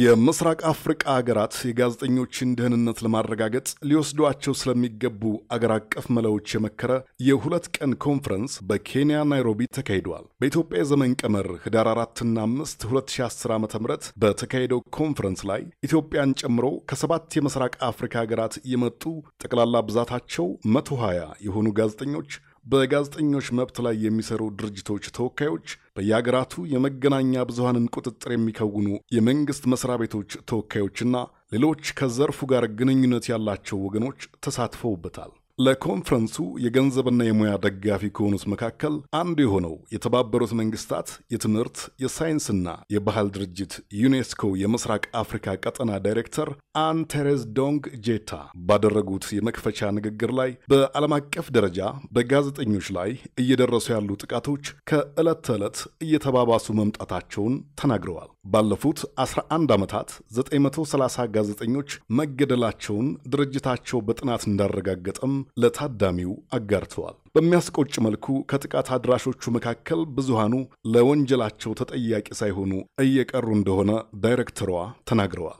የምስራቅ አፍሪቃ ሀገራት የጋዜጠኞችን ደህንነት ለማረጋገጥ ሊወስዷቸው ስለሚገቡ አገር አቀፍ መላዎች የመከረ የሁለት ቀን ኮንፈረንስ በኬንያ ናይሮቢ ተካሂዷል። በኢትዮጵያ የዘመን ቀመር ህዳር 4ና 5 2010 ዓ ም በተካሄደው ኮንፈረንስ ላይ ኢትዮጵያን ጨምሮ ከሰባት የምስራቅ አፍሪካ ሀገራት የመጡ ጠቅላላ ብዛታቸው 120 የሆኑ ጋዜጠኞች በጋዜጠኞች መብት ላይ የሚሰሩ ድርጅቶች ተወካዮች፣ በየአገራቱ የመገናኛ ብዙሃንን ቁጥጥር የሚከውኑ የመንግሥት መስሪያ ቤቶች ተወካዮችና ሌሎች ከዘርፉ ጋር ግንኙነት ያላቸው ወገኖች ተሳትፈውበታል። ለኮንፈረንሱ የገንዘብና የሙያ ደጋፊ ከሆኑት መካከል አንዱ የሆነው የተባበሩት መንግስታት የትምህርት የሳይንስና የባህል ድርጅት ዩኔስኮ የምስራቅ አፍሪካ ቀጠና ዳይሬክተር አንቴሬዝ ዶንግ ጄታ ባደረጉት የመክፈቻ ንግግር ላይ በዓለም አቀፍ ደረጃ በጋዜጠኞች ላይ እየደረሱ ያሉ ጥቃቶች ከዕለት ተዕለት እየተባባሱ መምጣታቸውን ተናግረዋል። ባለፉት 11 ዓመታት 930 ጋዜጠኞች መገደላቸውን ድርጅታቸው በጥናት እንዳረጋገጠም ለታዳሚው አጋርተዋል። በሚያስቆጭ መልኩ ከጥቃት አድራሾቹ መካከል ብዙሃኑ ለወንጀላቸው ተጠያቂ ሳይሆኑ እየቀሩ እንደሆነ ዳይሬክተሯ ተናግረዋል።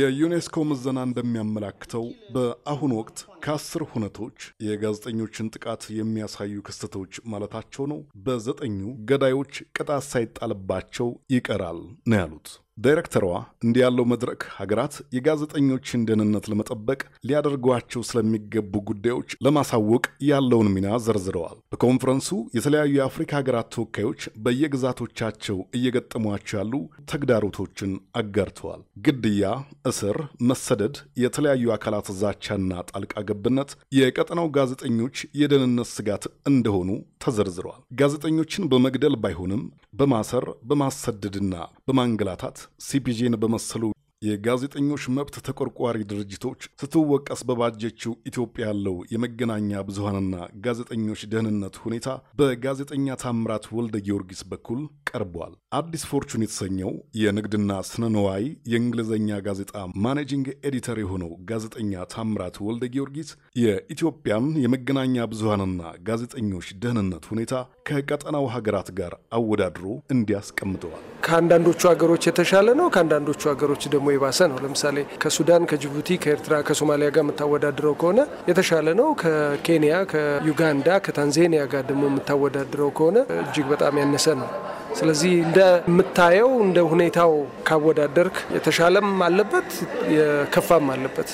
የዩኔስኮ ምዘና እንደሚያመላክተው በአሁኑ ወቅት ከአስር ሁነቶች የጋዜጠኞችን ጥቃት የሚያሳዩ ክስተቶች ማለታቸው ነው፣ በዘጠኙ ገዳዮች ቅጣት ሳይጣልባቸው ይቀራል ነው ያሉት። ዳይሬክተሯ እንዲህ ያለው መድረክ ሀገራት የጋዜጠኞችን ደህንነት ለመጠበቅ ሊያደርጓቸው ስለሚገቡ ጉዳዮች ለማሳወቅ ያለውን ሚና ዘርዝረዋል። በኮንፈረንሱ የተለያዩ የአፍሪካ ሀገራት ተወካዮች በየግዛቶቻቸው እየገጠሟቸው ያሉ ተግዳሮቶችን አጋርተዋል። ግድያ፣ እስር፣ መሰደድ፣ የተለያዩ አካላት ዛቻና ጣልቃ ገብነት የቀጠናው ጋዜጠኞች የደህንነት ስጋት እንደሆኑ ተዘርዝረዋል። ጋዜጠኞችን በመግደል ባይሆንም በማሰር በማሰደድና በማንገላታት ሲፒጄን በመሰሉ የጋዜጠኞች መብት ተቆርቋሪ ድርጅቶች ስትወቀስ በባጀችው ኢትዮጵያ ያለው የመገናኛ ብዙሃንና ጋዜጠኞች ደህንነት ሁኔታ በጋዜጠኛ ታምራት ወልደ ጊዮርጊስ በኩል ቀርቧል። አዲስ ፎርቹን የተሰኘው የንግድና ስነ ነዋይ የእንግሊዝኛ ጋዜጣ ማኔጂንግ ኤዲተር የሆነው ጋዜጠኛ ታምራት ወልደ ጊዮርጊስ የኢትዮጵያን የመገናኛ ብዙሃንና ጋዜጠኞች ደህንነት ሁኔታ ከቀጠናው ሀገራት ጋር አወዳድሮ እንዲያስቀምጠዋል። ከአንዳንዶቹ ሀገሮች የተሻለ ነው፣ ከአንዳንዶቹ ሀገሮች ደግሞ የባሰ ነው። ለምሳሌ ከሱዳን፣ ከጅቡቲ፣ ከኤርትራ፣ ከሶማሊያ ጋር የምታወዳድረው ከሆነ የተሻለ ነው። ከኬንያ፣ ከዩጋንዳ፣ ከታንዛኒያ ጋር ደግሞ የምታወዳድረው ከሆነ እጅግ በጣም ያነሰ ነው። ስለዚህ እንደምታየው እንደ ሁኔታው ካወዳደርክ የተሻለም አለበት የከፋም አለበት።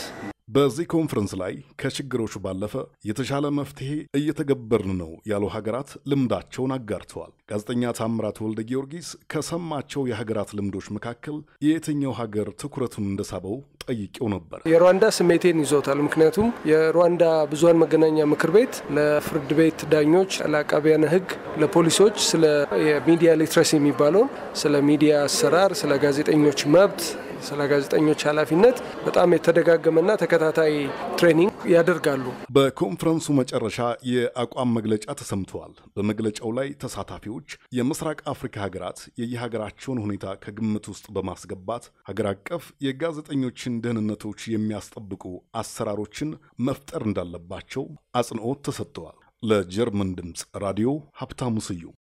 በዚህ ኮንፈረንስ ላይ ከችግሮቹ ባለፈ የተሻለ መፍትሄ እየተገበርን ነው ያሉ ሀገራት ልምዳቸውን አጋርተዋል። ጋዜጠኛ ታምራት ወልደ ጊዮርጊስ ከሰማቸው የሀገራት ልምዶች መካከል የየትኛው ሀገር ትኩረቱን እንደሳበው ጠይቄው ነበር። የሩዋንዳ ስሜቴን ይዞታል። ምክንያቱም የሩዋንዳ ብዙሀን መገናኛ ምክር ቤት ለፍርድ ቤት ዳኞች፣ ለአቃቢያነ ሕግ፣ ለፖሊሶች ስለ የሚዲያ ሊትረሲ የሚባለውን ስለ ሚዲያ አሰራር፣ ስለ ጋዜጠኞች መብት ስለ ጋዜጠኞች ኃላፊነት በጣም የተደጋገመና ተከታታይ ትሬኒንግ ያደርጋሉ። በኮንፈረንሱ መጨረሻ የአቋም መግለጫ ተሰምተዋል። በመግለጫው ላይ ተሳታፊዎች የምስራቅ አፍሪካ ሀገራት የየሀገራቸውን ሁኔታ ከግምት ውስጥ በማስገባት ሀገር አቀፍ የጋዜጠኞችን ደህንነቶች የሚያስጠብቁ አሰራሮችን መፍጠር እንዳለባቸው አጽንኦት ተሰጥተዋል። ለጀርመን ድምፅ ራዲዮ ሀብታሙ ስዩም